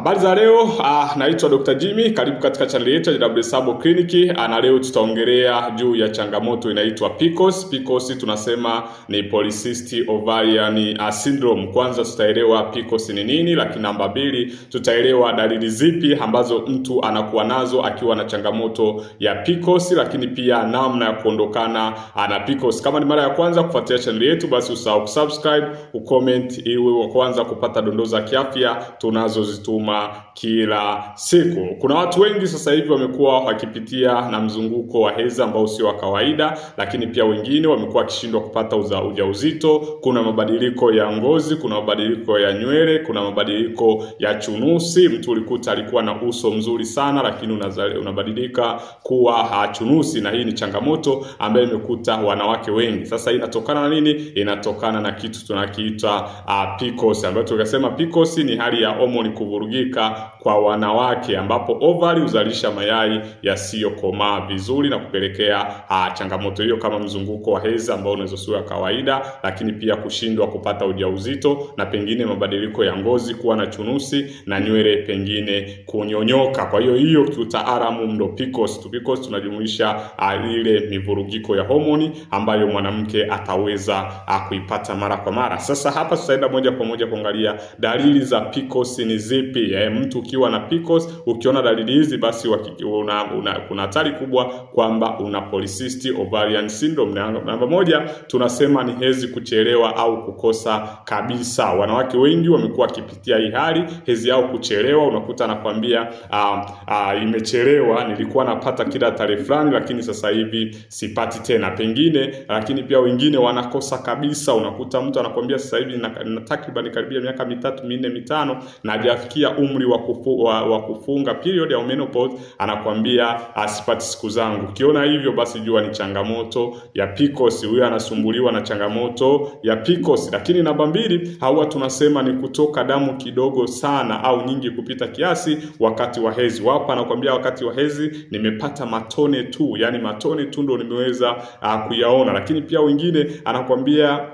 Habari za leo, ah, naitwa Dr. Jimmy, karibu katika chaneli yetu ya JW Sabo Clinic ah, na leo tutaongelea juu ya changamoto inaitwa PCOS. PCOS tunasema ni polycystic ovarian ah, syndrome. Kwanza tutaelewa PCOS ni nini, lakini namba mbili tutaelewa dalili zipi ambazo mtu anakuwa nazo akiwa na changamoto ya PCOS, lakini pia namna ya kuondokana na PCOS. Kama ni mara ya kwanza kufuatilia chaneli yetu, basi usahau kusubscribe, ucomment ili wa kwanza kupata dondoo za kiafya tunazozituma kusoma kila siku. Kuna watu wengi sasa hivi wamekuwa wakipitia na mzunguko wa hedhi ambao sio wa kawaida, lakini pia wengine wamekuwa wakishindwa kupata uza ujauzito. Kuna mabadiliko ya ngozi, kuna mabadiliko ya nywele, kuna mabadiliko ya chunusi. Mtu ulikuta alikuwa na uso mzuri sana, lakini unazali, unabadilika kuwa hachunusi, na hii ni changamoto ambayo imekuta wanawake wengi. Sasa inatokana na nini? Inatokana na kitu tunakiita uh, ah, PCOS ambayo tukasema PCOS ni hali ya homoni kuvuruga kuvurugika kwa wanawake, ambapo ovari huzalisha mayai yasiyokomaa vizuri na kupelekea a, ah, changamoto hiyo kama mzunguko wa hedhi ambao unaweza sio ya kawaida, lakini pia kushindwa kupata ujauzito na pengine mabadiliko ya ngozi kuwa na chunusi na nywele pengine kunyonyoka. Kwa hiyo hiyo kiutaalamu ndo PCOS. PCOS tunajumuisha uh, ile mivurugiko ya homoni ambayo mwanamke ataweza uh, kuipata mara kwa mara. Sasa hapa tutaenda moja kwa moja kuangalia dalili za PCOS ni zipi pia eh, mtu ukiwa na PCOS ukiona dalili hizi, basi una, una, kuna hatari kubwa kwamba una polycystic ovarian syndrome. Namba moja tunasema ni hezi kuchelewa au kukosa kabisa. Wanawake wengi wamekuwa wakipitia hii hali, hezi yao kuchelewa, unakuta anakwambia uh, uh, imechelewa, nilikuwa napata kila tarehe fulani, lakini sasa hivi sipati tena pengine. Lakini pia wengine wanakosa kabisa, unakuta mtu anakwambia sasa hivi na, na takriban karibia miaka mitatu minne mitano na hajafikia anakuambia umri wa, kufu, wa, wa kufunga period ya menopause, anakuambia asipati siku zangu. Ukiona hivyo, basi jua ni changamoto ya PCOS. Huyo anasumbuliwa na changamoto ya PCOS. Lakini namba mbili, hawa tunasema ni kutoka damu kidogo sana au nyingi kupita kiasi wakati wa hezi wapo anakuambia wakati wa hezi nimepata matone tu, yani matone tu ndo nimeweza uh, kuyaona. Lakini pia wengine anakuambia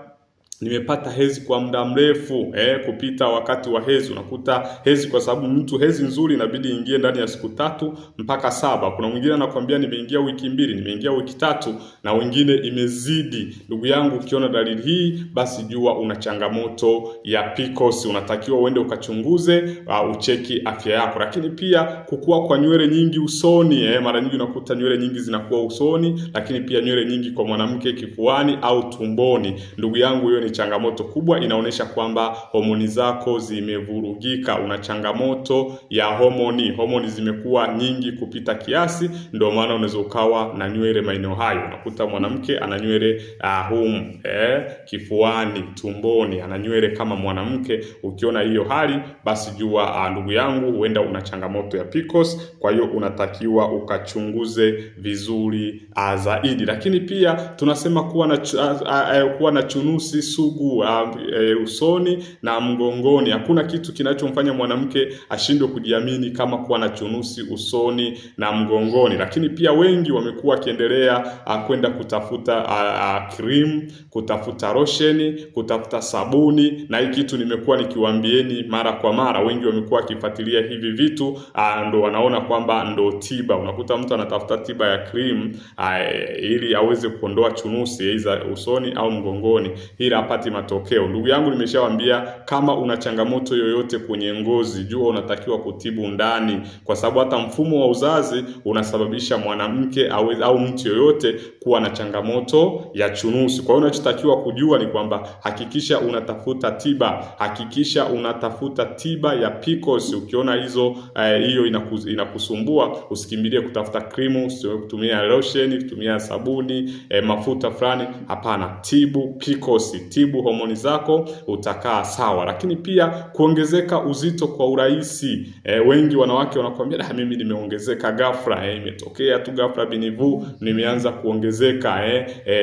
nimepata hezi kwa muda mrefu eh, kupita wakati wa hezi. Unakuta hezi kwa sababu mtu hezi nzuri inabidi ingie ndani ya siku tatu mpaka saba. Kuna mwingine anakwambia nimeingia wiki mbili, nimeingia wiki tatu, na wengine imezidi. Ndugu yangu, ukiona dalili hii, basi jua una changamoto ya PCOS. Unatakiwa uende ukachunguze, uh, ucheki afya yako. Lakini pia kukua kwa nywele nyingi usoni eh, mara nyingi unakuta nywele nyingi zinakuwa usoni, lakini pia nywele nyingi kwa mwanamke kifuani au tumboni. Ndugu yangu hiyo ni changamoto kubwa, inaonyesha kwamba homoni zako zimevurugika, una changamoto ya homoni, homoni zimekuwa nyingi kupita kiasi, ndio maana unaweza ukawa na nywele maeneo hayo. Unakuta mwanamke ana nywele uh, ah, hum eh, kifuani, tumboni, ana nywele kama mwanamke. Ukiona hiyo hali, basi jua uh, ndugu yangu, huenda una changamoto ya PCOS, kwa hiyo unatakiwa ukachunguze vizuri uh, zaidi. Lakini pia tunasema kuwa na, uh, uh, uh, kuwa na chunusi sugu uh, e, usoni na mgongoni. Hakuna kitu kinachomfanya mwanamke ashindwe kujiamini kama kuwa na chunusi usoni na mgongoni. Lakini pia wengi wamekuwa wakiendelea uh, kwenda kutafuta uh, uh, cream, kutafuta rosheni, kutafuta sabuni, na hii kitu nimekuwa nikiwaambieni mara kwa mara. Wengi wamekuwa wakifuatilia hivi vitu uh, ndo wanaona kwamba ndo tiba. Unakuta mtu anatafuta tiba ya cream uh, ili aweze kuondoa chunusi aidha usoni au mgongoni, ila hapati matokeo. Ndugu yangu, nimeshawambia kama una changamoto yoyote kwenye ngozi, jua unatakiwa kutibu ndani, kwa sababu hata mfumo wa uzazi unasababisha mwanamke au, au mtu yoyote kuwa na changamoto ya chunusi. Kwa hiyo unachotakiwa kujua ni kwamba hakikisha unatafuta tiba, hakikisha unatafuta tiba ya PCOS. Ukiona hizo eh, hiyo eh, inaku, inakusumbua usikimbilie kutafuta krimu, kutumia lotion, kutumia sabuni eh, mafuta fulani. Hapana, tibu PCOS kutibu homoni zako utakaa sawa. Lakini pia kuongezeka uzito kwa urahisi. E, wengi wanawake wanakuambia da, ah, mimi nimeongezeka ghafla, e, imetokea tu ghafla binivu, nimeanza kuongezeka e, e,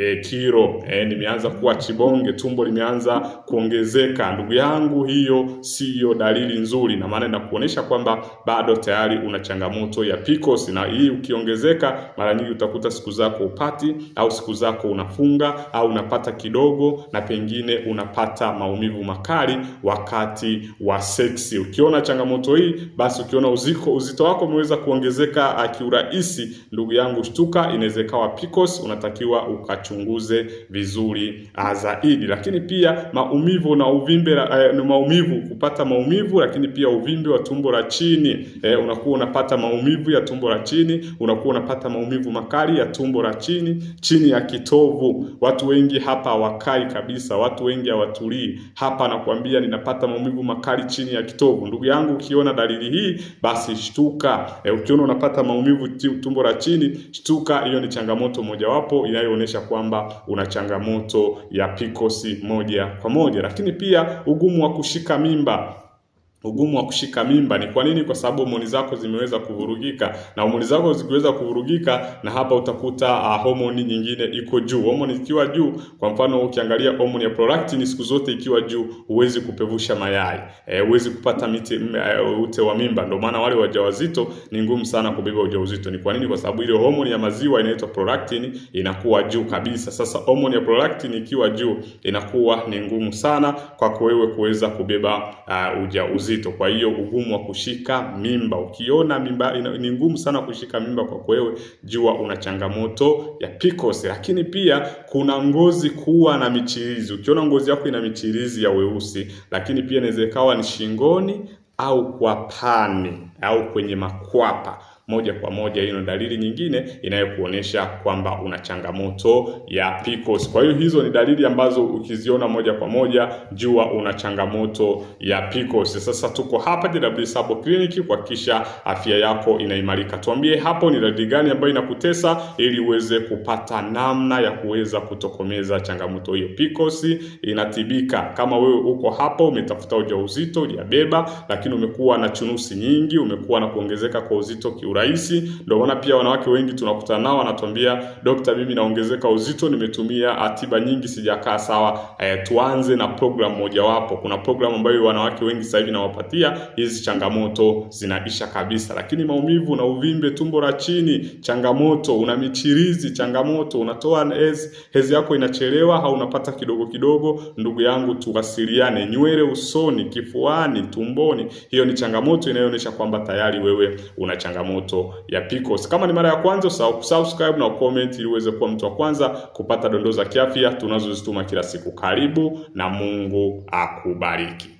e, kiro e, nimeanza kuwa chibonge, tumbo limeanza kuongezeka. Ndugu yangu, hiyo siyo dalili nzuri, na maana inakuonyesha kwamba bado tayari una changamoto ya PCOS, na hii ukiongezeka, mara nyingi utakuta siku zako upati au siku zako unafunga au unapata kidogo na pengine unapata maumivu makali wakati wa seksi. Ukiona changamoto hii, basi ukiona uziko uzito wako umeweza kuongezeka ah, kiurahisi, ndugu yangu, shtuka, inaweza ikawa PCOS, unatakiwa ukachunguze vizuri ah, zaidi. Lakini pia maumivu na uvimbe eh, maumivu kupata maumivu, lakini pia uvimbe wa tumbo la chini eh, unakuwa unapata maumivu ya tumbo la chini, unakuwa unapata maumivu makali ya tumbo la chini, chini ya kitovu. Watu wengi hapa wakai mbali kabisa. Watu wengi hawatulii hapa, nakwambia ninapata maumivu makali chini ya kitovu. Ndugu yangu, ukiona dalili hii basi shtuka. E, ukiona unapata maumivu tumbo la chini, shtuka, hiyo ni changamoto mojawapo inayoonyesha kwamba una changamoto ya PCOS moja kwa moja. Lakini pia ugumu wa kushika mimba ugumu wa kushika mimba. Ni kwa nini? Kwa sababu homoni zako zimeweza kuvurugika, na homoni zako zikiweza kuvurugika, na hapa utakuta uh, homoni nyingine iko juu. Homoni ikiwa juu, kwa mfano ukiangalia homoni ya prolactin siku zote ikiwa juu, huwezi kupevusha mayai, eh, huwezi e, kupata miti, uh, ute wa mimba. Ndio maana wale wajawazito ni ngumu sana kubeba ujauzito. Ni kwa nini? Kwa sababu ile homoni ya maziwa inaitwa prolactin inakuwa juu kabisa. Sasa homoni ya prolactin ikiwa juu, inakuwa ni ngumu sana kwako wewe kuweza kubeba uh, ujauzito ujauzito. Kwa hiyo ugumu wa kushika mimba, ukiona mimba ni ngumu sana kushika mimba kwa kwewe, jua una changamoto ya PCOS. Lakini pia kuna ngozi kuwa na michirizi. Ukiona ngozi yako ina michirizi ya weusi, lakini pia inaweza ikawa ni shingoni au kwapani au kwenye makwapa moja kwa moja. Hiyo dalili nyingine inayokuonyesha kwamba una changamoto ya PCOS. Kwa hiyo hizo ni dalili ambazo ukiziona moja kwa moja jua una changamoto ya PCOS. Sasa tuko hapa JW Sabo Clinic kuhakikisha afya yako inaimarika. Tuambie hapo ni dalili gani ambayo inakutesa ili uweze kupata namna ya kuweza kutokomeza changamoto hiyo. PCOS inatibika. Kama wewe uko hapo umetafuta ujauzito, ujabeba, lakini umekuwa na chunusi nyingi, umekuwa na kuongezeka kwa uzito kiura urahisi. Ndio maana pia wanawake wengi tunakutana nao wanatuambia, dokta, mimi naongezeka uzito, nimetumia atiba nyingi sijakaa sawa. E, tuanze na program mojawapo. Kuna program ambayo wanawake wengi sasa hivi nawapatia, hizi changamoto zinaisha kabisa. Lakini maumivu na uvimbe tumbo la chini, changamoto, una michirizi, changamoto, unatoa hezi, hezi yako inachelewa au unapata kidogo kidogo, ndugu yangu, tuwasiliane. Nywele usoni, kifuani, tumboni, hiyo ni changamoto inayoonyesha kwamba tayari wewe una changamoto moto ya Picos. Kama ni mara ya kwanza, usahau kusubscribe na comment ili uweze kuwa mtu wa kwanza kupata dondoo za kiafya tunazozituma kila siku. Karibu na Mungu akubariki.